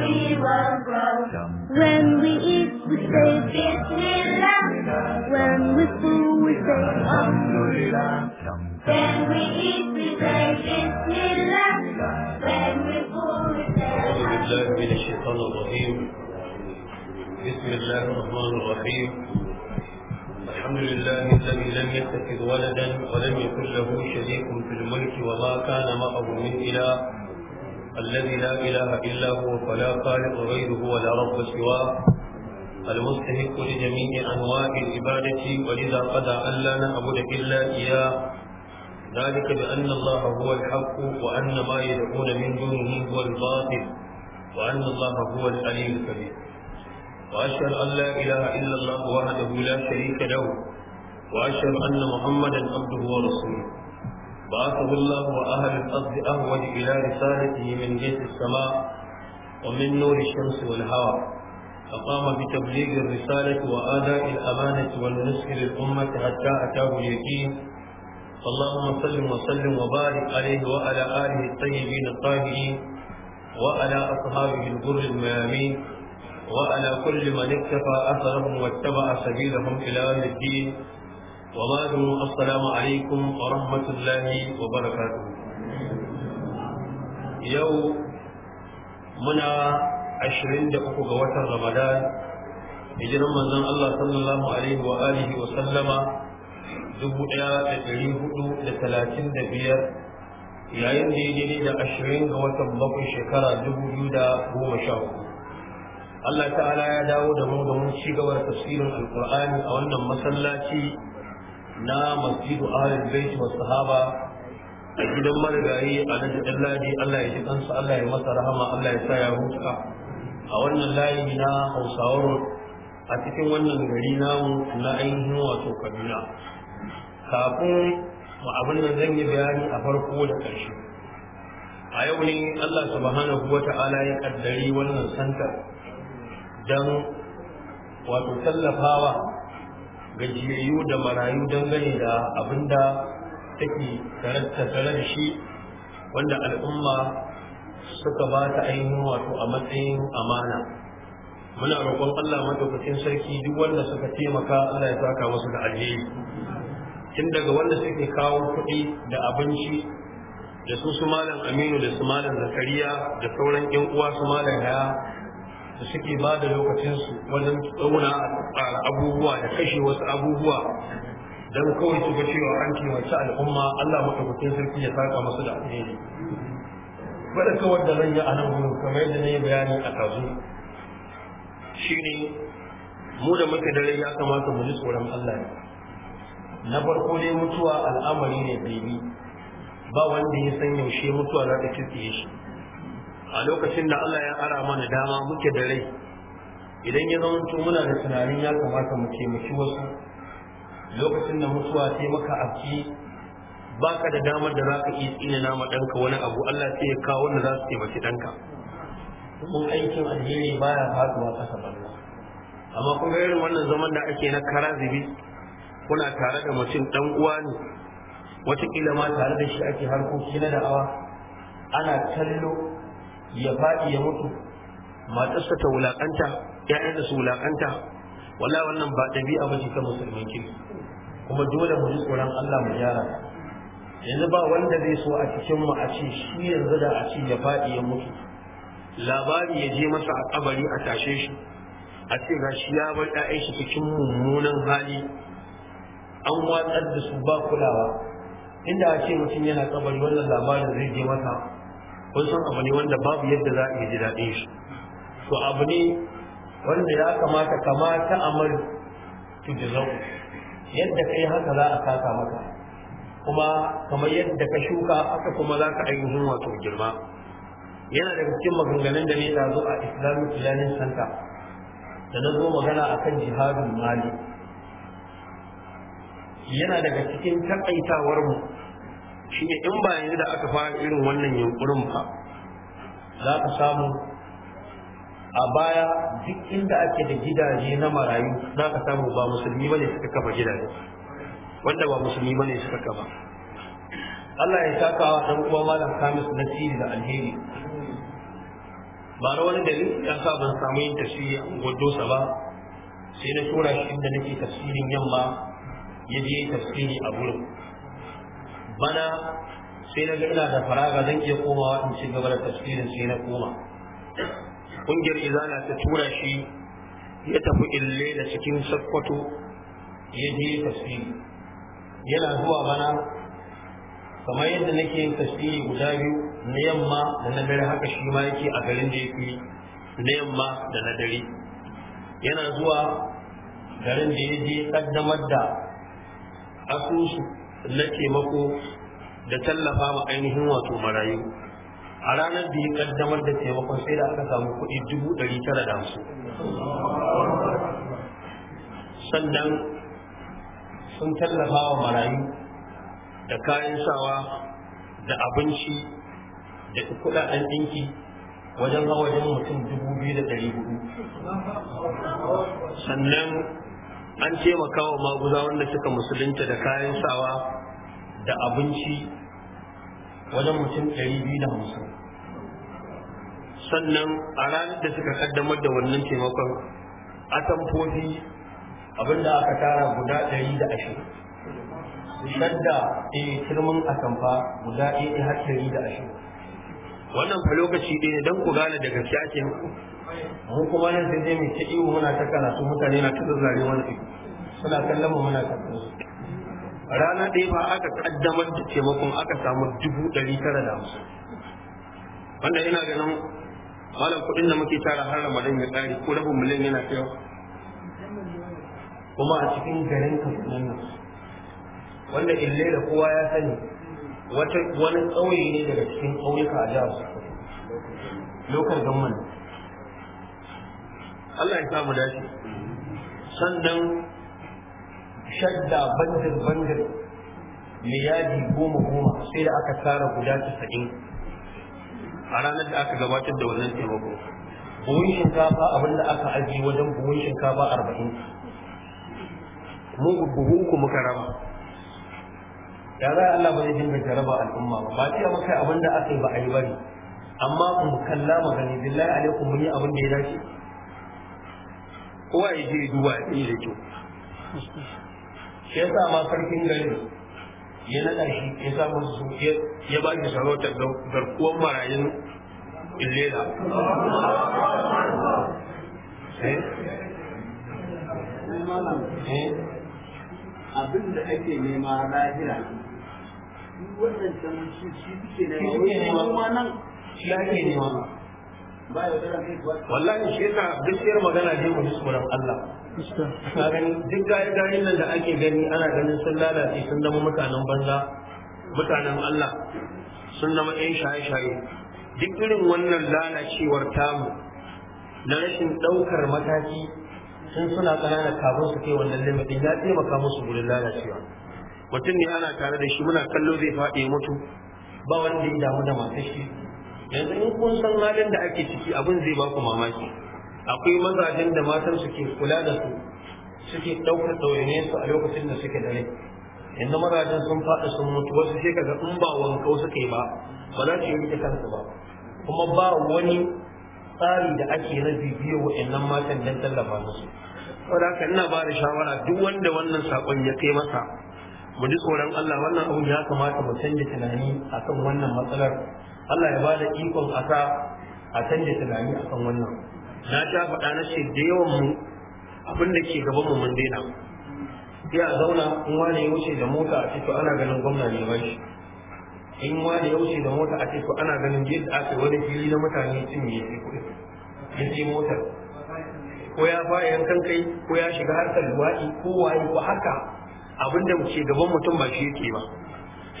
we will grow. When we eat, we say Bismillah. When we fool, we say Alhamdulillah. When we eat, we say Bismillah. When we fool, we say Alhamdulillah. بسم الله الرحمن الرحيم الحمد لله الذي لم يتخذ ولدا ولم يكن له شريك في الملك وما كان معه من إله الذي لا إله إلا هو فلا خالق غيره ولا رب سواه المستحق لجميع أنواع العبادة ولذا قضى أن لا نعبد إلا إياه ذلك بأن الله هو الحق وأن ما يدعون من دونه هو الباطل وأن الله هو العلي الكبير وأشهد أن لا إله إلا الله وحده لا شريك له وأشهد أن محمدا عبده ورسوله بعثه الله وأهل الأرض أهوج إلى رسالته من جهة السماء ومن نور الشمس والهوى فقام بتبليغ الرسالة وآداء الأمانة والنصح للأمة حتى أتاه اليقين اللهم صل وسلم وبارك عليه وعلى آله الطيبين الطاهرين وعلى أصحابه الغر الميامين وعلى كل من اكتفى أثرهم واتبع سبيلهم إلى الدين وبعد السلام عليكم ورحمة الله وبركاته يوم منا عشرين دقيقة وتر رمضان hijiran manzon Allah sallallahu alaihi wa wa sallama dubu ɗaya da ɗari hudu da talatin da biyar yayin da ya gani da ashirin ga watan bakwai shekara dubu biyu da goma sha Allah ta'ala ya dawo da mu da ci gaba da tafsirin alkur'ani a wannan masallaci na masjidu ahlul bait wa sahaba a gidan marigayi a nan da ladi Allah ya ji kansa Allah ya masa rahama Allah ya sa ya huta a wannan layi na Hausawar a cikin wannan gari namu na ainihin wato Kaduna kafin mu abin da zan yi bayani a farko da ƙarshe a yau ne Allah subhanahu ta'ala ya kaddari wannan santa dan wato tallafawa gajiyayyu da marayu dangane da abin da take tare da shi wanda al'umma suka ba ta ainihin wato a matsayin amana muna roƙon Allah madaukakin sarki duk wanda suka taimaka ana ya saka musu da alheri tun daga wanda suke kawo kuɗi da abinci da su su malam Aminu da su malam Zakariya da sauran yan uwa su malam Haya da suke ba da lokacinsu wajen tsauna abubuwa da kashe wasu abubuwa don kawai su ga cewa an kimanci al'umma Allah madaukakin sarki ya saka masu da alheri bada kawai da zan yi a nan gurin kamar yadda na yi bayani a kazu ne mu da muke dare ya kamata mu ji tsoron Allah ne na farko dai mutuwa al'amari ne bai ba wanda ya san yaushe mutuwa za ta kirkiye shi a lokacin da Allah ya ara mana dama muke da rai idan ya zamanto muna da tunanin ya kamata mu taimaki wasu lokacin da mutuwa sai maka abki baka da damar da zaka iya tsina nama danka wani abu Allah sai ya kawo wanda za su taimaki danka mun aikin alheri baya faduwa kasa banza amma kuma irin wannan zaman da ake na karazibi kuna tare da mutum dan uwa ne kila ma tare da shi ake harkoki na da'awa ana kallo ya faɗi ya mutu matarsa ta wulaƙanta ‘ya'yansa su wulaƙanta wala wannan ba ɗabi'a ba ta musulmin kirki kuma dole mu ji tsoron Allah mu gyara yanzu ba wanda zai so a cikin mu a ce shi yanzu da a ce ya faɗi ya mutu labari ya je masa a kabari a tashe shi a ce ga shi ya bar ‘ya'yan shi cikin mummunan hali an watsar da su ba kulawa inda a ce mutum yana kabari wannan labarin zai je masa kun san abu ne wanda babu yadda za a yi daɗin shi to abu ne wanda ya kamata kamata su to jizau yadda kai haka za a saka maka kuma kamar yadda ka shuka haka kuma za ka ainihin wato girma yana daga cikin maganganun da ne na zo a islamic learning center da na zo magana akan jihadin mali yana daga cikin takaitawar mu shi ne in ba yanzu da aka fara irin wannan yunkurin ba za ka samu a baya duk inda ake da gidaje na marayu za ka samu ba musulmi bane suka kafa gidaje wanda ba musulmi bane suka kafa Allah ya saka wa dan uwa malam Kamis nasiri da alheri ba da wani dalil ya sa ban samu yin tafsiri a gwadosa ba sai na tura shi inda nake tafsirin yamma ya je tafsiri a gurin bana sai na ga ina da faraga zan iya komawa in ci gaba da tafsirin sai na koma kungiyar izana ta tura shi ya tafi ille da cikin sakkwato ya je tafsiri yana zuwa bana kamar yadda nake yin tasiri guda biyu na yamma da na dare haka shi ma yake a garin da yake na yamma da na dare yana zuwa garin da ya je kaddamar da asusu na taimako da tallafa ma ainihin wato marayu a ranar da ya kaddamar da taimakon sai da aka samu kuɗi dubu ɗari tara da hamsin sannan sun tallafa wa marayu da kayan sawa da abinci da kuɗaɗen ɗinki wajen hawa mutum dubu biyu da ɗari hudu sannan an taimaka wa maguza wanda suka musulunta da kayan sawa da abinci wajen mutum hamsin. sannan a ranar da suka kaddamar da wannan taimakon a tamfofi abinda aka tara guda ɗari da ashirin shadda a eh, kirmin atamfa guda ɗaya har ɗari da ashirin wannan fa lokaci ɗaya don ku gane daga gaske mu kuma nan sai dai mu ta iwo muna ta karatu mutane na ta zare wani ido suna kallon mu muna ta rana ɗaya ba aka kaddamar da taimakon aka samu dubu ɗari tara da hamsin wanda ina ganin malam kuɗin da muke tara har ramadan ya ƙare ko rabin miliyan yana kaiwa kuma a cikin garin kafinan nan wanda ille da kowa ya sani wani ƙauye ne daga cikin ƙauyuka a jihar lokacin gamman Allah ya samu dace sannan shadda bandir bandir miyadi goma goma sai da aka tara guda casa'in a ranar da aka gabatar da wannan taimako buhun shinkafa abin da aka ajiye wajen buhun shinkafa arba'in Mun buhu uku muka raba Da za Allah ba zai dinga jaraba al'umma ba ba ce maka abin da aka yi ba a yi bari amma mu kalla magani billahi alaikum mun yi abin da ya dace kowa ya je duba ya tsaye da kyau shi ya ma farkin gari ya naɗa shi ya sa masu ya ba shi sarautar garkuwar marayun illela eh? eh? abin da ake nema lahira wannan sanar shi suke nema wani nan shi ake nema wallahi shi yasa gaskiyar magana ne mu tsoron Allah ka gani duk gayin nan da ake gani ana ganin sun lalace sun zama mutanen banza mutanen Allah sun zama yan shaye-shaye duk irin wannan lalacewar tamu na rashin ɗaukar mataki sun suna ƙanana kafin su kai wannan limitin ya taimaka musu gurin lalacewa mutum ne ana tare da shi muna kallo zai faɗi mutu ba wanda ya damu da matar shi yanzu in kun san halin da ake ciki abin zai ba ku mamaki akwai mazajen da matan su ke kula da su suke ɗaukar ɗauyane su a lokacin da suke da rai yanzu mazajen sun faɗi sun mutu wasu sai kaga in ba wankau suka ba ba za su yi wuce kansu ba kuma ba wani tsari da ake na bibiyo wa'annan matan don tallafa musu saboda aka ina ba da shawara duk wanda wannan sakon ya kai masa mu ji tsoron Allah wannan abu ya kamata mu canja tunani akan wannan matsalar Allah ya ba da ikon a sa a canja tunani a kan wannan na sha faɗa na ce da yawan mu abin da ke gaban mu mun daina sai a zauna in wani ya wuce da mota a to ana ganin gwamna ne ba shi in wani ya wuce da mota a to ana ganin yadda aka wani fili na mutane cinye sai kuɗi ya ce motar ko ya fara yankan kai ko ya shiga harkar luwaɗi ko waye ko haka abin da ke gaban mutum ba shi yake ba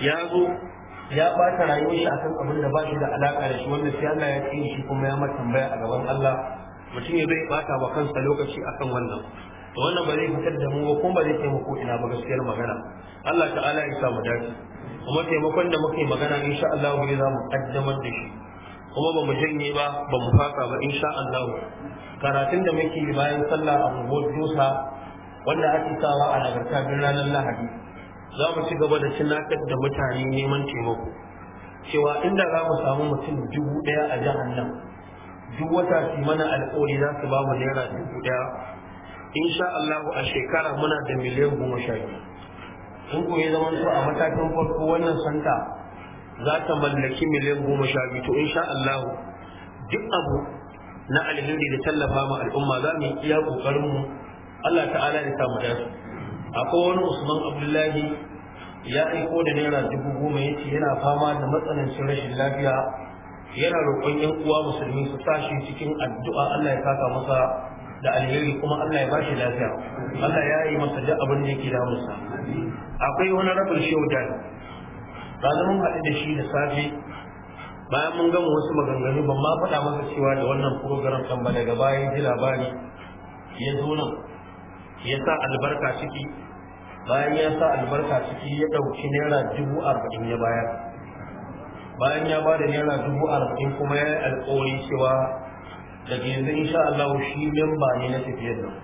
ya zo ya bata rayuwar shi akan abin da ba shi da alaka da shi wanda sai Allah ya tsine shi kuma ya mata tambaya a gaban Allah mutum ya bai bata wa kansa lokaci akan wannan to wannan ba zai fitar da mu ba kuma ba zai taimako ina ba gaskiyar magana Allah ta'ala ya sa mu dace kuma taimakon da muke magana insha Allah ne za mu kaddamar da shi kuma ba mu janye ba ba mu fasa ba insha Allah karatun da muke bayan sallah a gobe dosa wanda ake sawa a nagarta ranar Lahadi za mu ci gaba da tunatar da mutane neman taimako cewa inda za mu samu mutum dubu ɗaya a jihar nan duk wata su mana alƙawari za su ba mu naira dubu ɗaya insha Allah a shekara muna da miliyan goma sha biyu in ku zaman su a matakin farko wannan santa za ta mallaki miliyan goma sha biyu to insha Allah duk abu na alheri da tallafa ma al'umma za mu iya ƙoƙarinmu Allah ta'ala ya samu dace akwai wani usman abdullahi ya aiko da naira dubu goma ya ce yana fama da matsanancin rashin lafiya yana roƙon yan uwa musulmi su tashi cikin addu'a Allah ya saka masa da alheri kuma Allah ya ba shi lafiya Allah ya yi masa da abin da yake damunsa akwai wani rabin shaudan ba zama haɗu da shi da safe bayan mun gama wasu maganganu ban ma faɗa masa cewa da wannan program kan ba daga bayan ji labari ya zo nan ya sa albarka ciki bayan ya sa albarka ciki ya ɗauki naira dubu arba'in ya bayar bayan ya ba da naira dubu arba'in kuma ya yi alƙawari cewa daga yanzu insha Allah shi memba ne na tafiyar nan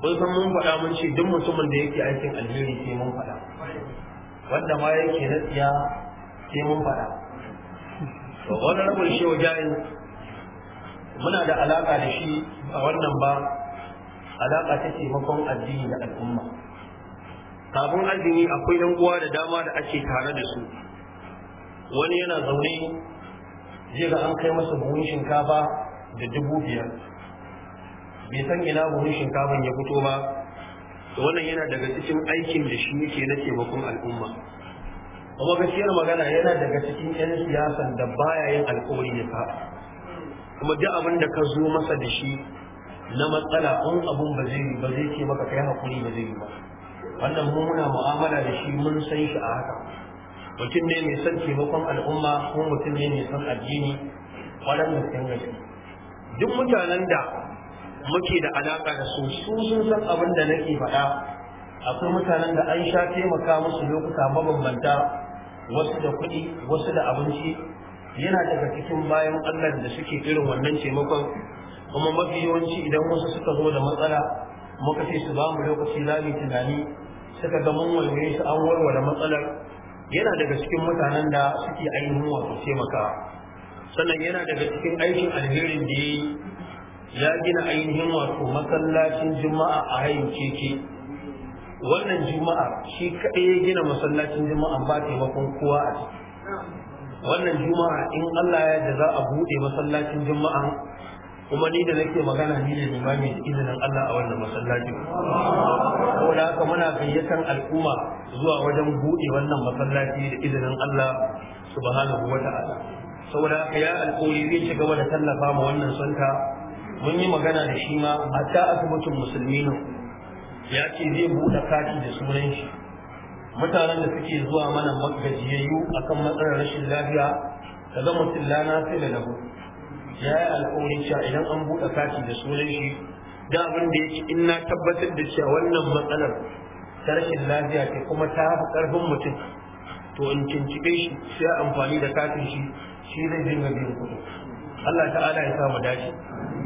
kun san mun faɗa mun ce duk mutumin da yake aikin alheri sai mun faɗa wanda ma yake na tsiya sai mun faɗa wani rabin shi wajen muna da alaƙa da shi a wannan ba alaƙa ta taimakon addini da al'umma kafin azumi akwai yan uwa da dama da ake tare da su wani yana zaune zai ga an kai masa buhun shinkafa da dubu biyar bai san ina buhun shinkafa ya fito ba wannan yana daga cikin aikin da shi yake na taimakon al'umma kuma gaskiyar magana yana daga cikin 'yan siyasan da baya yin alkawari ya kuma duk abin da ka zo masa da shi na matsala in abun ba zai ba zai ce maka kai hakuri ba zai ba wannan mu muna mu'amala da shi mun san shi a haka mutum ne mai son taimakon al'umma ko mutum ne mai son addini kwarar da sun gaske duk mutanen da muke da alaka da su su sun san abin da nake faɗa akwai mutanen da an sha taimaka musu lokuta mabambanta wasu da kuɗi wasu da abinci yana daga cikin bayan Allah da suke irin wannan taimakon kuma mafi yawanci idan wasu suka zo da matsala muka ce su ba mu lokaci za mu tunani suka ga mun walwaye su an warware matsalar yana daga cikin mutanen da suke ainihin wato taimakawa sannan yana daga cikin aikin alherin da ya yi ya gina ainihin wato masallacin juma'a a hayin keke wannan juma'a shi kaɗai ya gina masallacin juma'a ba taimakon kowa a ciki wannan juma'a in Allah ya da za a buɗe masallacin juma'a kuma ni da nake magana ni ne limami da izinin Allah a wannan masallaci ko da haka muna gayyatar al'umma zuwa wajen buɗe wannan masallaci da izinin Allah subhanahu wa saboda haka ya alƙawari zai ci gaba da tallafa ma wannan santa mun yi magana da shi ma a ta asibitin musulmi ne ya ce zai buɗe kati da sunan shi mutanen da suke zuwa mana magajiyayyu akan matsalar rashin lafiya ka ga mutum lana sai da ya yi alƙawarin cewa idan an buɗe kati da sunan shi da abin da yake in na tabbatar da cewa wannan matsalar ta rashin lafiya ce kuma ta fi ƙarfin mutum to in cinciɓe shi sai amfani da katin shi shi zai dinga biyan kuɗi Allah ta'ala ya sa mu dace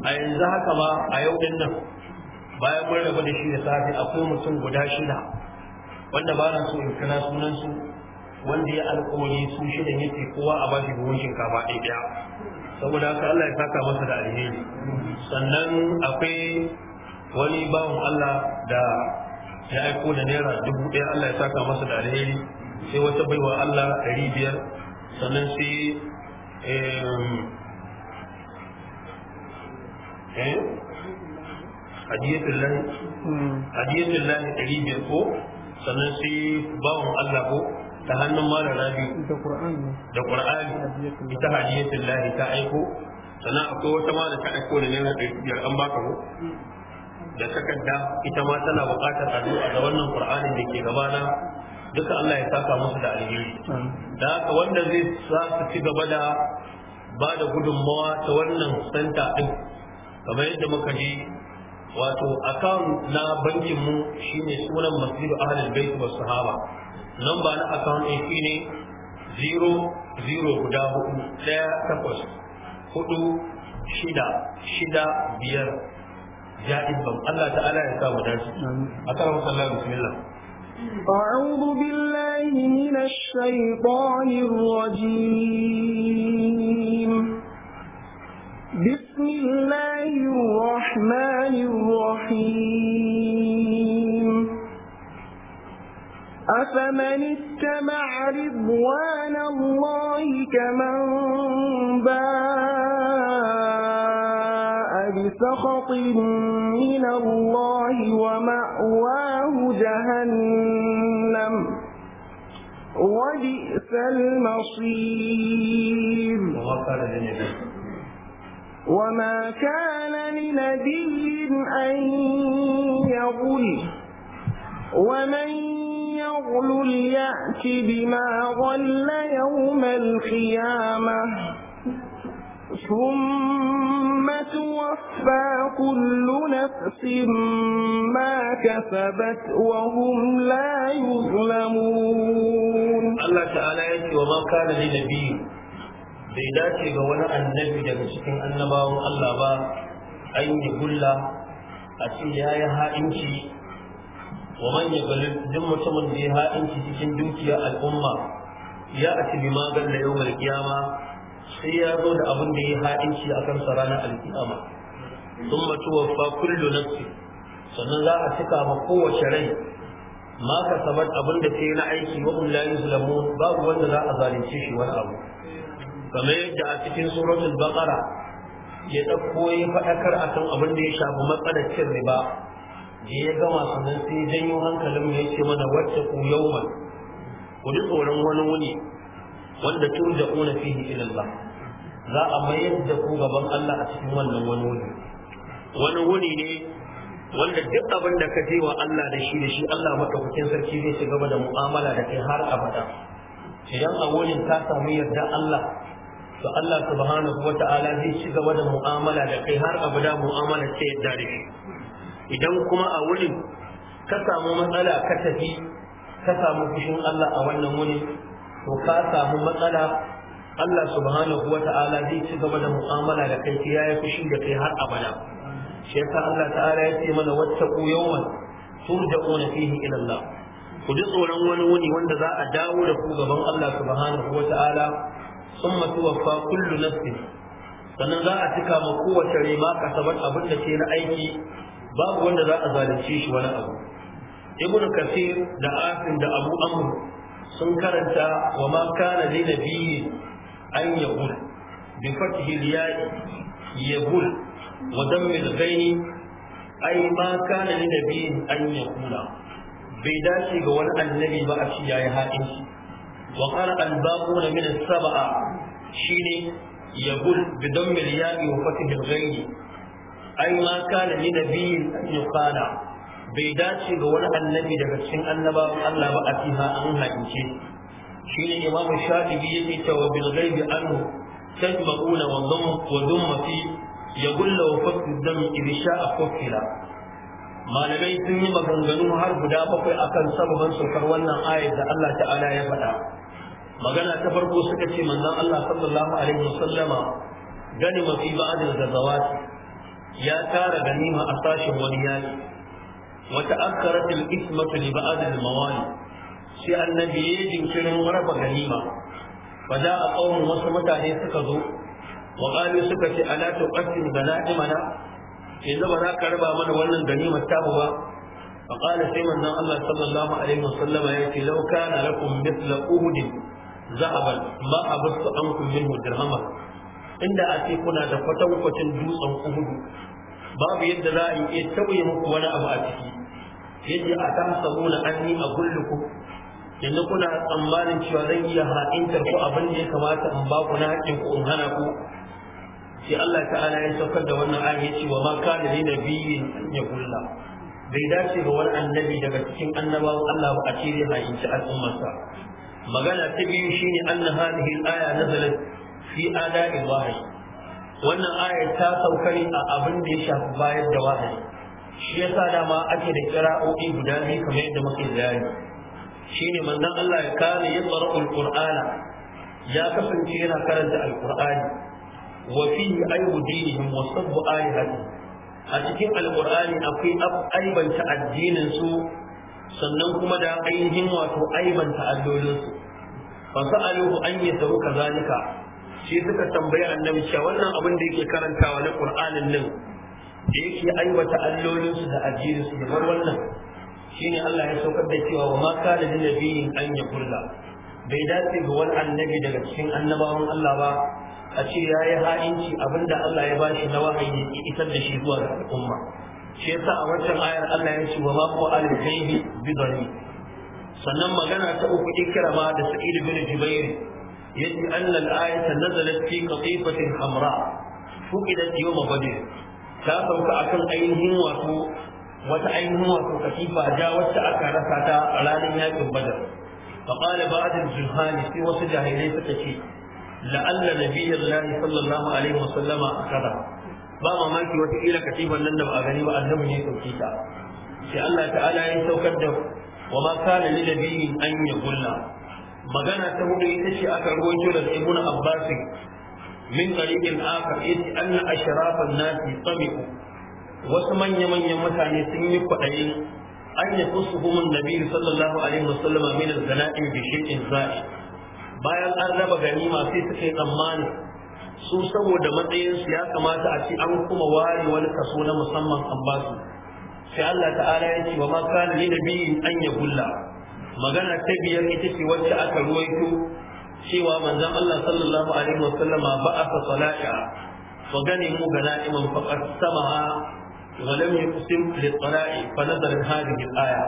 a yanzu haka ma a yau din nan bayan mun rabu da shi da safe akwai mutum guda shida wanda ba na so in kira sunan su wanda ya alƙawari su shida yake kowa a bashi buhun shinkafa ɗaya saboda haka Allah ya saka masa da alheri sannan akwai wani bawan Allah da ya aiko da naira dubu ɗaya Allah ya saka masa da alheri sai wata baiwa Allah ɗari biyar sannan sai hadiyatullahi hmm. ɗari biyar ko sannan sai bawan Allah ko ta hannun malam rabi da qur'ani da ita hadiyatul lahi ta aiko sannan akwai wata ma ta aiko da naira biyar an baka ko da takarda ita ma tana buƙatar addu'a ga wannan qur'anin da ke gabana duka Allah ya saka musu da alheri da haka wanda zai sa su ci gaba da ba da gudunmawa ta wannan santa ɗin, kamar yadda muka ji wato akan na bankin mu shine sunan masjidu ahlul bait was sahaba lamba na account ɗin shine 00 guda hudu ɗaya takwas hudu shida shida biyar jaiz ban Allah ta'ala ya samu dace a kan sallah bismillah أعوذ بالله من الشيطان الرجيم بسم الله الرحمن الرحيم أفمن اتبع رضوان الله كمن باء بسخط من الله ومأواه جهنم وبئس المصير وما كان لنبي أن يغل ومن الرغل ليأتي بما غل يوم الْقِيَامَةِ ثم توفى كل نفس ما كسبت وهم لا يظلمون الله تعالى يأتي وما كان لنبي لذاته قولنا أن نبي جمسكين أن الله با أين يقول له أتي يا يا إنشي wa manya yaghlib duk mutumin da ya ha'inci cikin dukiya al'umma ya ati bi yau mai kiyama sai ya zo da abin da ya ha'inci a kan sa ranar alkiyama sun mutu wa kullu nafsi sannan za a cika ma kowace rai ma ka sabar abin da ta yi na aiki wa la yuzlamun babu wanda za a zalunce shi wani abu kamar yadda a cikin suratul baqara ya dauko faɗakar akan abin da ya shafi matsalar cin riba da ya gama sannan sai janyo hankalin mu ce mana wacce ku yawman ku ji tsoron wani wuni wanda tun da kuna fihi ila Allah za a mayar da ku gaban Allah a cikin wannan wani wuni wani wuni ne wanda duk abin da ka wa Allah da shi da shi Allah madaukakin sarki zai shiga gaba da mu'amala da kai har abada idan a wurin ka samu yarda Allah to Allah subhanahu wata'ala zai shiga gaba da mu'amala da kai har abada mu'amala ta yarda da shi idan kuma a wurin ka samu matsala ka tafi ka samu fushin Allah a wannan wurin to ka samu matsala Allah subhanahu wa ta'ala zai ci gaba da mu'amala da kai ya yi fushi da kai har abada shi yasa Allah ta'ala ya ce mana wattaqu yawman turja'una fihi ila Allah ku ji tsoron wani wuni wanda za a dawo da ku gaban Allah subhanahu wa ta'ala summa tuwaffa kullu nafsin sannan za a cika ma kowace rima kasabar abin da ke na aiki babu wanda za a zalunce shi wani abu ibn kasir da asim da abu amr sun karanta wa ma kana li nabiyyi an yaqul bi fathi al-ya'i yaqul wa damm al-ghayn ai ma kana li nabiyyin an yaqula bai dace ga wani annabi ba a ci yayi haɗin shi wa qala al-baquna min as-sab'a shine yaqul bi damm al-ya'i wa fathi al-ghayn ai ma kana ni nabiyin yukhana bai dace ga wani annabi daga cikin annabawan Allah ba a fiha an hakince shi ne imamu shafi'i yake cewa bil ghaibi anhu tajma'una wa dhamma wa dhamma fi yagulla wa fakku dam idh sha'a kufila malamai sun yi maganganu har guda bakwai akan sababan saukar wannan ayat da Allah ta'ala ya faɗa magana ta farko suka ce manzon Allah sallallahu alaihi wasallama gani mafi ba'adin gazawati ya tara ganima a sashen wani yaki wata akkarat al-ismatu li ba'd al-mawali sai annabi ya jinkirin raba ganima fa da a qaumun wasu mutane suka zo wa qalu suka ce ala tuqassim ganaimana yanzu ba za ka raba mana wannan ganimar ta ba fa qala sai manzon Allah sallallahu alaihi wasallam ya ce law kana lakum mithla uhud zahaban ma abtu ankum minhu dirhaman inda a ce kuna da kwatankwacin dutsen uhudu babu yadda za a iya tauye muku wani abu a ciki yadda a ta samu na an yi a gulluku yanzu kuna tsammanin cewa zan iya haƙintar ku abin da ya kamata in ba ku na haƙin ku in hana ku sai Allah ta'ala ya saukar da wannan ayi ya ce wa ma kana li ya gulla bai dace ga wani annabi daga cikin annabawan Allah ba a ce zai haƙinci al'ummarsa magana ta biyu shine anna hadhihi al-aya nazalat fi ada'il wahayi wannan ayar ta saukar a abin da ya shafi bayar da wahayi shi yasa dama ake da kira'o'i guda biyu kamar yadda muke shi ne manzon Allah ya kare ya tsara alqur'ana ya kasance yana karanta alqur'ani wa fi ayu dinihim wa sabbu alihati a cikin alqur'ani akwai aibanta addinin su sannan kuma da ainihin wato aibanta allolin fa sa'aluhu an yadru kazalika shi suka tambayi annabi cewa wannan abin da yake karantawa na qur'anin nan da yake aiwata allolinsu da addinin su bar wannan shine Allah ya saukar da cewa wa ma kana lin nabiyyin an yakulla bai dace ga wani annabi daga cikin annabawan Allah ba a ce ya yi ha'inci abinda Allah ya bashi na wahayi ya isar da shi zuwa ga al'umma shi yasa a wancan ayar Allah ya ce wa ma huwa alil ghaibi bi sannan magana ta uku ikrama da sa'id bin jubair yace annal ayata nazalat fi qatifatin hamra fuqidat yawm badr ta sauka akan ainihin wato wata ainihin wato katifa ja wacce aka rasa ta a ranar yakin badar فقال بعض الجهال في وسط جاهلية تشي لعل نبي الله صلى الله عليه وسلم أخذها ba mamaki wataƙila katifan nan da a gani ba annabi ne sauke ta sai Allah ta'ala ya saukar da wa ma kana lil nabiyyin magana ta hudu ita ce aka rawaito da ibn abbas min tariqin akhar yace anna ashrafan nasi sami'u wasu manya-manyan mutane sun yi kwaɗayin an yi fusuhumun nabi sallallahu alaihi wasallam min zana'in bi shi'in za'i bayan an raba gani masu suka yi tsammani su saboda matsayinsu ya kamata a ci an kuma ware wani kaso na musamman an sai Allah ta'ala ya ce wa ma kana li nabi an yabulla magana ta biyar ita ce wacce aka ruwaito cewa manzon Allah sallallahu alaihi wasallam ba a fa salata wa gani mu ganaiman faqad samaha wa lam yuqsim li qara'i fa nazara hadhihi al-aya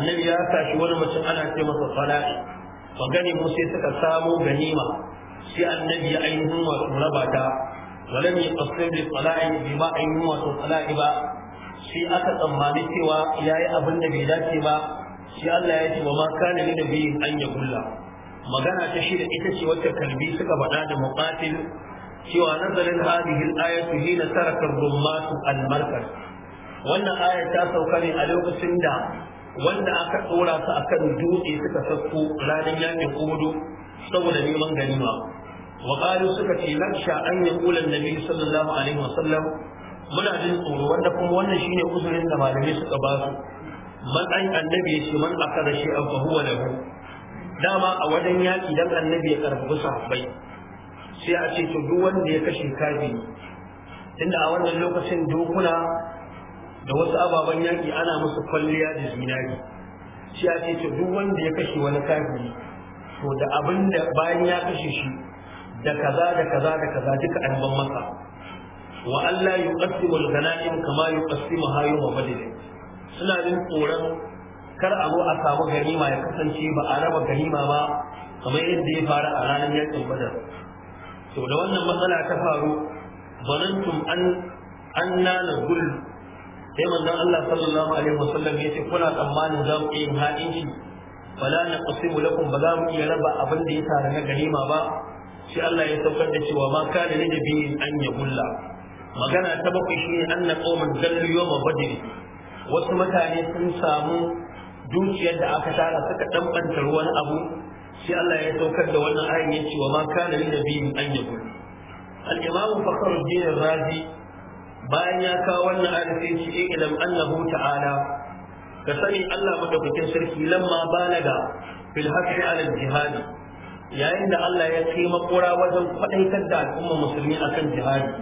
annabi ya tashi wani mutum ana ce masa qara'i wa gani mu sai suka samu ganima sai annabi ya ainihin wato raba ta wa lam yuqsim li qara'i bi ma ainihin wato qara'i ba shi aka tsammani cewa yayi abin da bai dace ba shi Allah ya ce wa ma kana da an ya kulla magana ta shi da ita ce wacce kalbi suka faɗa da muqatil cewa nazarin hadhihi al-ayatu hina taraka ar-rummat al-markaz wannan aya ta sauka ne a lokacin da wanda aka dora su akan dutse suka sako ranar yakin kudu saboda neman ganima wa qalu suka ce sha an ya kula nabi sallallahu alaihi wasallam muna jin tsoro wanda kuma wannan shine uzurin da malamai suka ba su matsayin annabi ya ce man akada shi an fa huwa lahu dama a wajen yaƙi dan annabi ya karfafi sahabbai sai a ce to duk wanda ya kashe kafiri Inda a wannan lokacin dokuna da wasu ababen yaƙi ana musu kwalliya da zinari sai a ce to duk wanda ya kashe wani kafiri to da abin da bayan ya kashe shi da kaza da kaza da kaza duka an ban masa wa Allah yuqaddimu al-ghanaim kama yuqaddimu hayyum wa badilin suna bin tsoron kar a zo a samu ganima ya kasance ba a raba ganima ba kamar yadda ya faru a ranar yakin badar to da wannan matsala ta faru zanantum an an nana gul sai manzon Allah sallallahu alaihi wasallam ya ce kuna tsammanin za mu iya ha'inci fala naqsimu lakum ba za mu iya raba abin da ya tare na ganima ba sai Allah ya saukar da cewa ma kana ne da biyin an ya gulla magana ta bakwai shine anna qauman dallu yawma badr wasu mutane sun samu dukiyar da aka tara suka ɗanɓanta ruwan abu sai Allah ya saukar da wannan ayin ya ce wa ma kana lil nabiyyi an yakul al-imam razi bayan ya kawo wannan ayin sai ya ce ilam annahu ta'ala ka sani Allah madaukakin sarki lamma balaga fil haqqi ala al yayin da Allah ya kai makura wajen kwadaitar da al'umma musulmi akan jihadi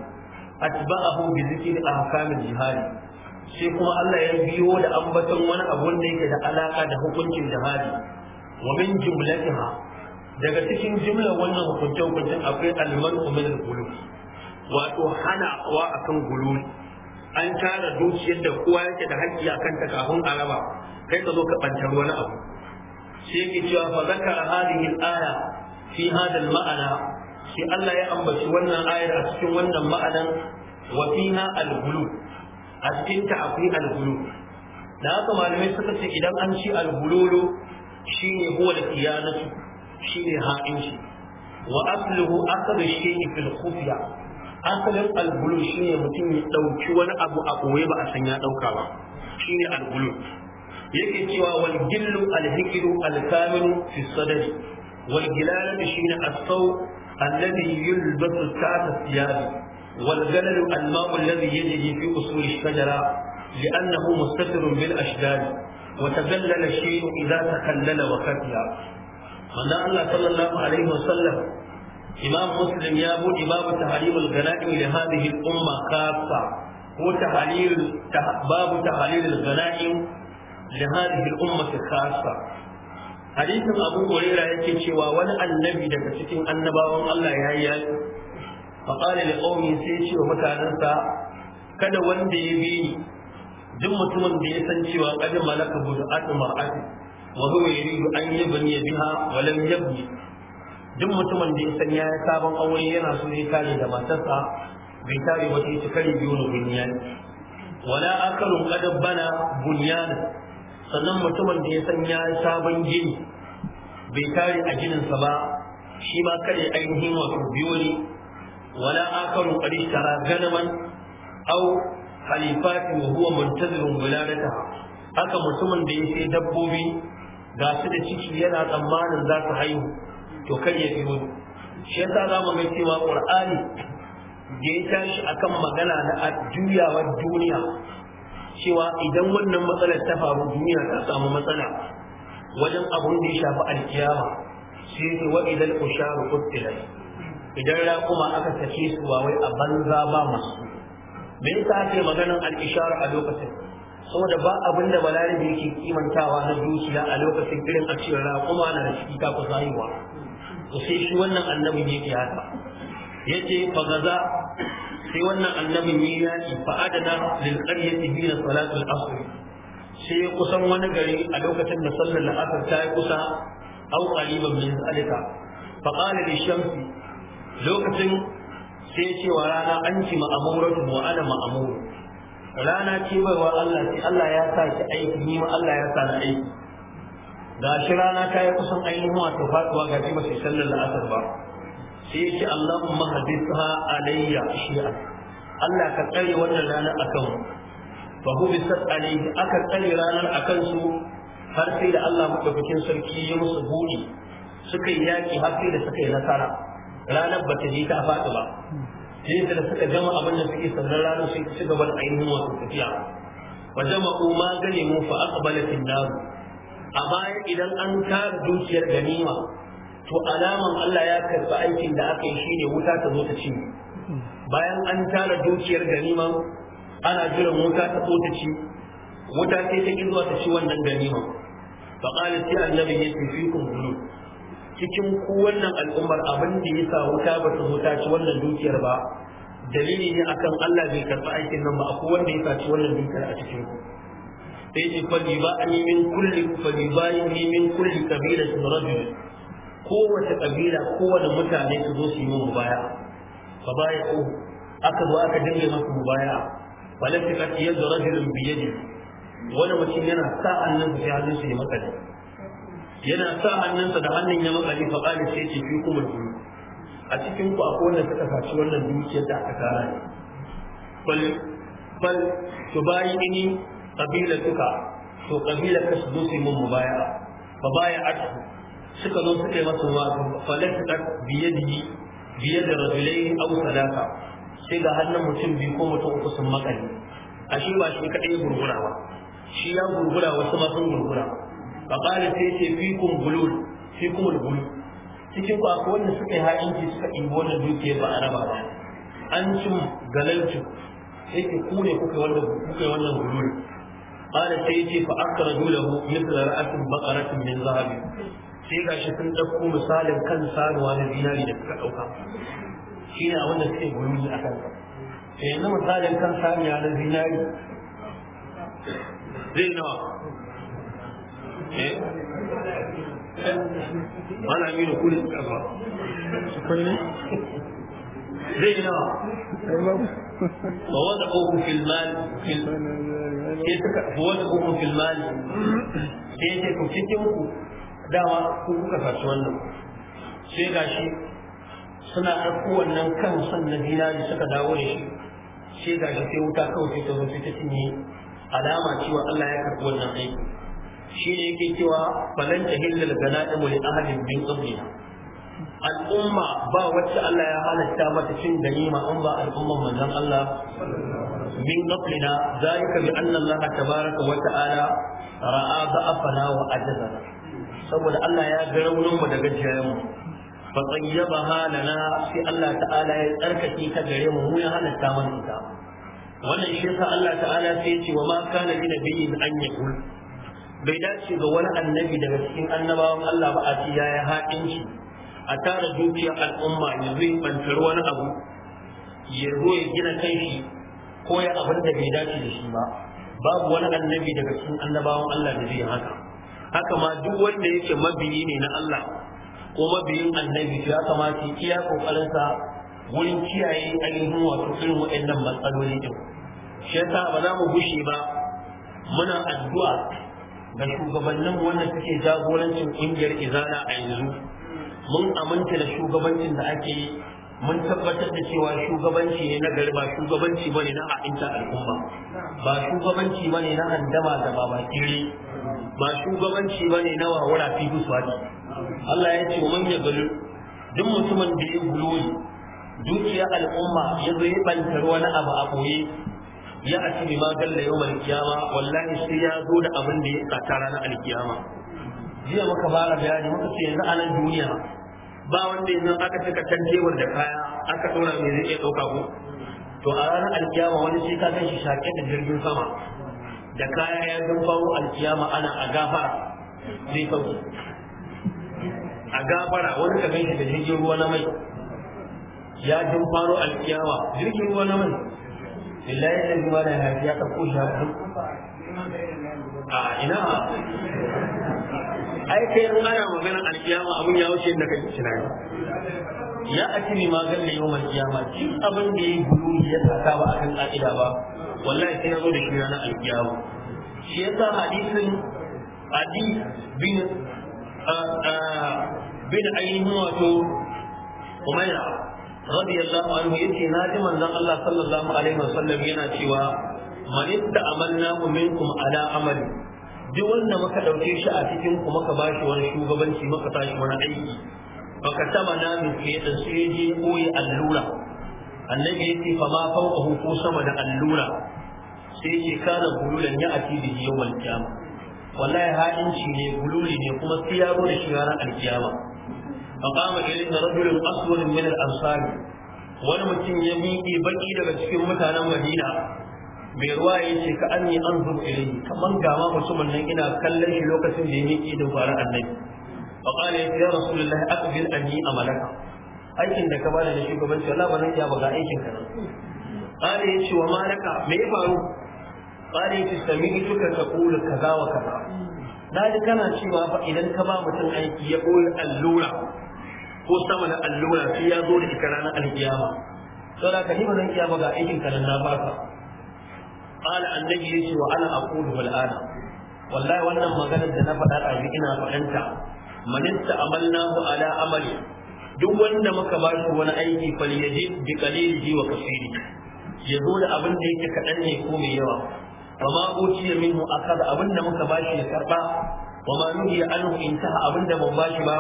atba'ahu bi zikri ahkamil jihadi sai kuma Allah ya biyo da ambaton wani abu wanda yake da alaka da hukuncin jihadi wa min jumlatiha daga cikin jumlar wannan hukuncin hukuncin akwai almanu min al wato hana wa akan gulul an tara dukiyar da kowa yake da haƙƙi akan ta kafin a raba kai ka zo ka bantar wani abu sai yake cewa fa zakara hadhihi al-aya fi hada al-ma'ana sai Allah ya ambaci wannan ayar a cikin wannan ma'anan wa fiha al-qulub a cikin akwai algulu da haka malamai suka ce idan an ci algulolo shine huwa da tiyanatu shine ha'inci wa asluhu asalu shay'in fil khufiya asalin algulu ne mutum ya ɗauki wani abu a koye ba a san ya ɗauka ba shine algulu yake cewa wal gillu Alkaminu hikru al fi sadri wal gilal shine as-saw alladhi yulbasu ta'ata والجلل الماء الذي يجري في أصول الشجرة لأنه مستتر بالأشجار وتجلل الشيء إذا تخلل وكتلا من الله صلى الله عليه وسلم إمام مسلم يابو إمام تحريم الغنائم لهذه الأمة خاصة هو تحليل باب تحليل الغنائم لهذه الأمة خاصة hadisin abu hurairah yake cewa wani annabi daga cikin annabawan Allah ya yi faƙalin ƙaumi sai ce wa mutanensa kada wanda ya bi ni duk mutumin da ya san cewa ƙadi malaka budu atu ma'ati wa huwa yuridu an yabni biha wa lam yabni duk mutumin da ya san ya yi sabon aure yana so ya tare da matarsa bai tare wata ita kare biyu na bunyan wala akalu kada bana bunyan sannan mutumin da ya san ya yi sabon gini bai tare a sa ba shi ma kare ainihin wato biyu ne wala akaru qad ishtara ganaman aw khalifatin wa huwa muntazirun haka mutumin da ya sai dabbobi ga su da ciki yana tsammanin za su haihu to kar ya biyo shi yasa za mu ga cewa qur'ani da ya tashi akan magana na juyawar duniya cewa idan wannan matsalar ta faru duniya ta samu matsala wajen abun da ya shafi alkiyama sai wa idan usharu qutilat idan raƙuma aka sake su ba wai a banza ba masu me yasa ake maganar al a lokacin saboda ba abin da balarabi yake kimantawa na dukiya a lokacin irin a cikin raƙuma na da ciki ta kusa haihuwa to sai shi wannan annabi annabin yake haka yace fa gaza sai wannan annabin yi yaki fa adana lil qaryati bi salatu al-asr sai kusan wani gari a lokacin da sallar al ta yi kusa au qariban min zalika fa qala lish-shamsi lokacin sai ce wa rana an ci ma'amuratu wa ana ma'amuru rana ce baiwa Allah sai Allah ya sa ki aiki ni ma Allah ya sa na aiki da shi rana ta yi kusan ainihin wato faduwa ga ba sai sallar la'asar ba sai ya ce Allahumma haditha alayya shi'a Allah ka tsare wannan rana kan fa hu bisat alayhi aka tsare ranar akan su har sai da Allah madaukakin sarki ya musu buri suka yi yaki har sai da suka yi nasara ranar ba ta ji ta fata ba sai da suka gama abin da suke sannan ranar sai su gaba da ainihin wasu tafiya wa jama'u ma gane mu fa aqbala fil nar a baya idan an tara dukiyar ganima to alaman Allah ya karɓi aikin da aka yi shine wuta ta zo ta ci bayan an tara dukiyar ganima ana jiran wuta ta zo ta ci wuta sai ta ki zuwa ta ci wannan ganima fa qala sai annabi fi kun cikin ku wannan al'ummar abin da ya sa wuta ba su wuta ci wannan dukiyar ba dalili ne akan Allah bai karɓi aikin nan ba akwai wanda ya saci wannan dukiyar a cikin ku sai ce fali ba a min kulli fali ba ni min kulli kabila sun rajul kowace kabila kowane mutane su zo su yi mu baya fa baya ko aka zo aka dinga masa mu baya falasikat yadu rajulun biyadi wani mutum yana sa'an nan su ji hannun su yi matsali yana sa hannunsa da hannun ya makale fa qala sai ce fi kuma a cikin ku akwai wanda suka saci wannan dukiyar da aka kara ne bal bal tubayini qabilatuka to qabilaka su zo su mun mubaya'a fa baya'atu suka zo suka yi masa wa falatat biyadihi biyad rajulayn aw salasa sai ga hannun mutum biyu ko mutum uku sun makale ashe ba shi kadai gurgurawa? shi ya gurgura wasu ma sun gurgura fa qala sai ce fikum bulul fikum bulul cikin ku akwai wanda suka yi ha'inci suka ɗibi wannan dukiyar ba a raba ba an cin galalci yake ku ne kuka wanda kuka wannan bulul qala sai ce fa akraju lahu mithla ra'atin baqaratin min zahab sai gashi sun dauko misalin kan sanuwa na zinari da suka ɗauka, dauka shine abin da suke gurbi a kansa yanzu misalin kan saniya na zinari zai nawa Eh? mana aminu kuri su kasuwa kwalle zai gina wa ba wanda ƙofin filmali sai ce ku cikin muku? dama ku kuka saci wannan sai gashi suna ɗauko wannan kan son na zinari suka dawo da shi sai gashi sai wuta kawai sai ta zo sai ta cinye alama cewa Allah ya karɓi wannan aiki shine yake cewa falan tahillal ghanaimu li ahadin min qablina al'umma ba wacce Allah ya halatta mata cin ganima an ba al'umman manzon Allah min qablina zalika bi anna Allah tabaraka wa ta'ala ra'a ba'afana wa ajazana saboda Allah ya ga raunin mu da jiyayen mu fa tayyabaha lana sai Allah ta'ala ya tsarkake ta gare mu mu ya halatta mana wannan shi yasa Allah ta'ala sai ya ce wa ma kana bi nabiyyin an yakul bai dace ga wani annabi daga cikin annabawan Allah ba a ce ya yi a tara dukiyar al'umma ya zo ya bantar wani abu ya zo ya gina kai shi ko ya abin da bai dace da shi ba babu wani annabi daga cikin annabawan Allah da zai haka haka ma duk wanda yake mabiyi ne na Allah ko mabiyin annabi ya kamata iya kokarinsa wurin kiyaye ainihin wato irin waɗannan matsaloli din shi ba za mu gushe ba muna addu'a da shugabannin wanda suke jagorancin ƙungiyar izana a yanzu mun aminta da shugabancin da ake yi mun tabbatar da cewa shugabanci ne na gari ba shugabanci ba ne na ha'inta al'umma ba shugabanci ba ne na handama da babakire ba shugabanci ba ne na wawura fi buswadi Allah ya ce mun ya galu duk mutumin da ya guloyi dukiyar al'umma ya zo ya bantar wani abu a boye ya ake bi ma galla mai kiyama wallahi sai ya zo da abin da ya tsaka ranar alkiyama jiya muka fara bayani muka ce yanzu anan duniya ba wanda yanzu aka ka can tebur da kaya aka tsora mai zai iya dauka ko to a ranar alkiyama wani sai ka gan shi shaƙe da jirgin sama da kaya ya bawo alkiyama ana a gafara zai sauki a gafara wani ka gan shi da jirgin ruwa na mai ya faro alkiyama jirgin ruwa na mai billahi da ruwa da hafi ya ɗauko shi haka a ina ai kai in ana maganar alkiyama abin ya wuce da kake tunani ya ati ni magan da yawan kiyama duk abin da ya gudu ya saka ba akan ka'ida ba wallahi sai na zo da shi ranar alkiyama shi ya sa hadisin adi bin bin ainihin wato umayya radiyallahu anhu yace na ji manzon Allah sallallahu alaihi wasallam yana cewa man ista'amalna minkum ala amali duk wanda muka dauke shi a cikin ku muka bashi wani shugabanci muka tashi wani aiki baka sama na min fiye da sai je koyi allura annabi yace fa ma fawqahu ko sama da allura sai ce kana gululan a ati bi yawmal qiyamah wallahi ha'inci ne gululi ne kuma sai ya zo da shi alkiyama فقام إليه رجل أسود من الأنصار wani mutum ya miƙe baki daga cikin mutanen Madina mai ruwa ya ce ka anni an zuru ilayhi kaman gama mutumin nan ina kallon lokacin da ya miƙe ya aikin da ka bani da shugabanci wallahi ba zan iya ba ga aikin ka nan qala ya ce wa malaka me ya faru qala ya ce sami'tuka taqulu kaza wa kaza ji kana cewa fa idan ka ba mutum aiki ya koyi allura ko sama na allura sai ya zo da ita ranar alkiyama saboda ka ni ba zan iya ba ga aikin ka nan na baka qala annabi yace wa ana aqulu wal ana wallahi wannan maganar da na faɗa a ina faɗanta man ista'amalnahu ala amali duk wanda muka ba shi wani aiki falyaji bi qalilihi wa kasiri ya zo da abin da yake kaɗan ne ko mai yawa وما أوتي منه أخذ أبن ya يكربا وما نهي عنه abinda ban bashi ba?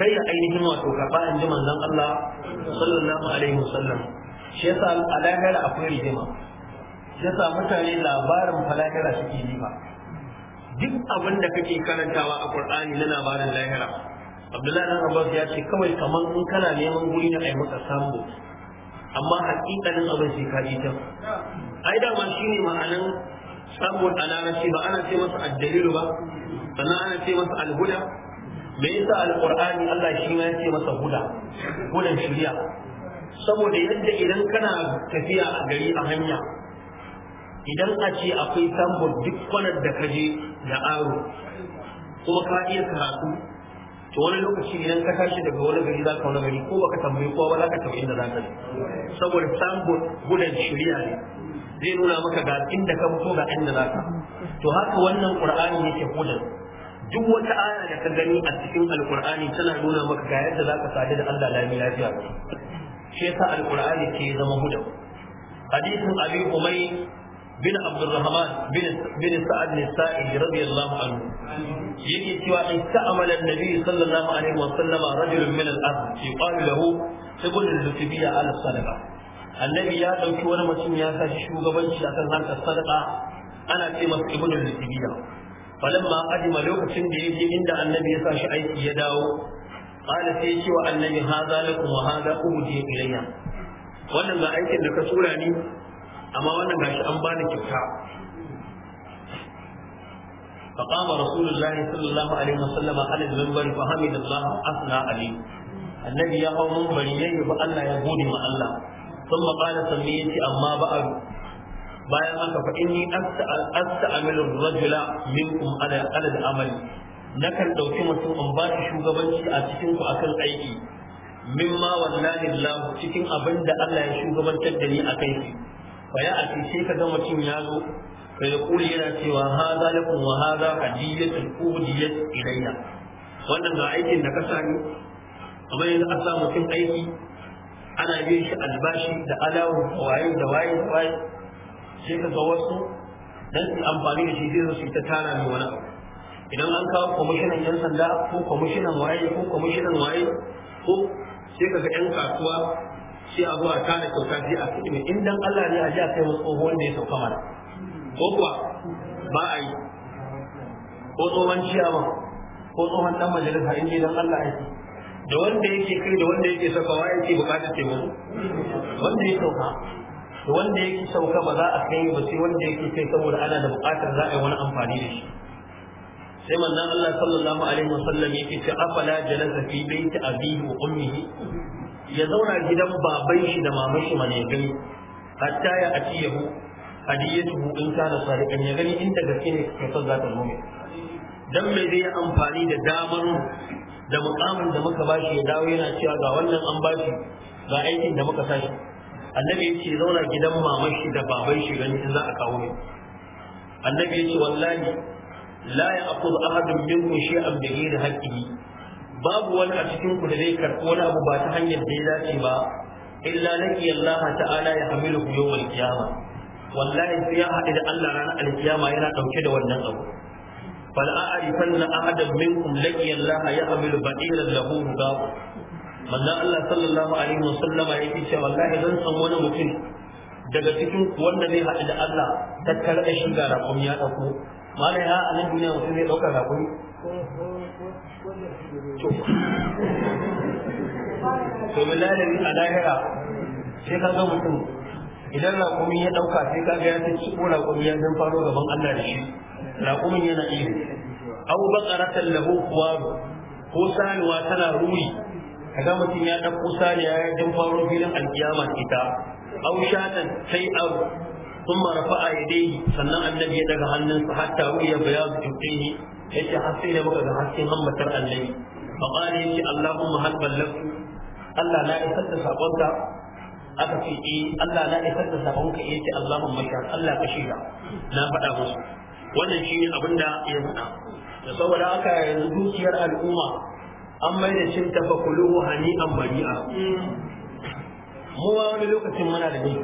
kai da ainihin wato karɓa in ji manzon Allah sallallahu alaihi wasallam shi yasa alakar akwai rigima shi yasa mutane labarin falakara suke ba. duk abin da kake karantawa a Qur'ani na labarin lahira Abdullahi dan Abbas ya ce kawai kaman in kana neman guri na ai maka samu amma hakikanin abin shi ka yi ta ai da ma shine ma'anan samun alarasi ba ana ce masa addalilu ba sannan ana ce masa alhuda me yasa alqur'ani Allah shi ma yace masa huda hudan shiriya saboda yadda idan kana tafiya a gari a hanya idan a ce akwai sambon duk kwanar da je da aro kuma ka iya karatu to wani lokaci idan ka tashi daga wani gari za ka wani gari ko baka tambayi kowa ba za ka tambayi inda za ka je saboda sambon hudan shiriya ne zai nuna maka ga inda ka fito ga inda za ka to haka wannan qur'ani yake hudan duk wata aya da ka gani a cikin alkur'ani tana nuna maka ga yadda ka sadu da Allah lami lafiya shi yasa alkur'ani ke zama huda hadisin abi umay bin abdurrahman bin bin sa'ad bin sa'id radiyallahu anhu yake cewa in ta'amala annabi sallallahu alaihi wa sallama rajulun min al-ard yuqalu lahu ibn al-lutbiyya ala sadaqa annabi ya dauki wani mutum ya sa shugabanci akan harkar sadaqa ana ce masa ibn al-lutbiyya falamma ma lokacin da yake inda annabi ya sa shi aiki ya dawo qala sai ce wa annabi hadha lakum wa hadha ubdi ilayya wannan ga aikin da ka tura ni amma wannan an bani kyauta فقام رسول الله صلى الله عليه وسلم على المنبر فحمد الله اثنى عليه النبي يا قوم بني يبقى مع الله ثم قال سميتي اما بعد bayan haka fa inni asta'amilu rajula minkum ala ala amali nakan dauki mutum in ba shi shugabanci a cikin ku akan aiki mimma wallahi Allah cikin abin da Allah ya shugabantar da ni a kai shi fa ya ati sai ka ga mutum ya zo fa ya kuli yana cewa hadha lakum wa hadha hadiyatul ubudiyat ilayya wannan ga aikin da ka sani amma yanzu an sa mutum aiki ana bin shi albashi da alawun waye da waye waye sai ka ga wasu dan amfani da shi zai su ta tara ne wani abu idan an kawo kwamishinan yan sanda ko kwamishinan waye ko kwamishinan waye ko sai ka ga yan kasuwa sai a zuwa tare kyauta sai a kuɗi in dan Allah ne a ji a kai wasu tsoho wanda ya sauka mana ko kuwa ba a yi ko tsohon ciyawa, ko tsohon dan majalisa in dan Allah ya aiki da wanda yake kai da wanda yake sakawa yake bukatar taimako wanda ya sauka to wanda yake sauka ba za a kai ba sai wanda yake kai saboda ana da buƙatar za a yi wani amfani da shi sai manzon Allah sallallahu alaihi wasallam yake ce afala jalasa fi baiti abihi wa ummihi ya zauna gidan baban shi da maman shi mane gani hatta ya atiyahu hadiyatuhu in kana sadiqan ya gani inda gaske ne kake son za ta zo mai dan me zai amfani da damar da mukamin da muka bashi ya dawo yana cewa ga wannan an bashi ga aikin da muka sashi annabi ya ce zauna gidan maman shi da baban shi gani za a kawo mai annabi ya ce wallahi la ya aqud ahadun minkum shay'an bi ghairi haqqihi babu wani a cikin ku da zai karɓi wani abu ba ta hanyar da ya dace ba illa laki Allah ta'ala ya hamilu yawmal qiyama wallahi sai ya haɗu da Allah ranar alkiyama yana ɗauke da wannan abu fal a'rifanna ahadan minkum laki Allah ya hamilu ba'iran lahu rugabu manzon Allah sallallahu alaihi wasallam ya ce cewa wallahi zan san wani mutum daga cikin wanda zai haɗu da Allah tattare da shi ga rakon ya dauko malai ya a nan duniya mutum zai dauka rakon to bilalin a lahira sai ka ga mutum idan raƙumi ya ɗauka sai ka ga ya san ciɓo raƙumi ya zan faro gaban Allah da shi raƙumin yana iri au baƙaratan lahu kuwaru ko sanuwa tana ruri kaga mutum ya ɗauko saniya ya yi jin faro filin alkiyama ita au shatan sai abu ثم رفع يديه sannan annabi ya daga hannunsa hatta ruya bayadu jubbihi yace har sai da muka ga hasken hammatar annabi fa qala yace allahumma hal ballagtu Allah na isar da sakonka aka ce eh Allah na isar da sakonka yace allahumma shar Allah ka shiga. na faɗa musu wannan shine abin da ya faɗa da saboda haka yanzu dukiyar al'umma an mai da cin tafa kulu hani an bari'a mu ba wani lokacin muna da ne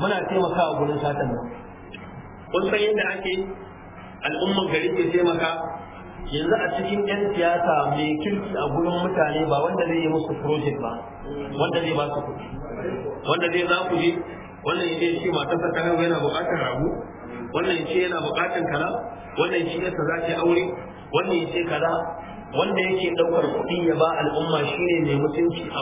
muna taimakawa gurin satan nan kun san yadda ake al'umman gari ke taimaka yanzu a cikin 'yan siyasa mai kirki a gurin mutane ba wanda zai yi musu project ba wanda zai ba su kuɗi wanda zai za ku je wannan ce shi matarsa ta haihu yana buƙatar rabu wannan ce yana buƙatar kaza wannan yace yasa za ta aure wannan ce kaza wanda yake daukar kuɗi ya ba al'umma shine mai mutunci a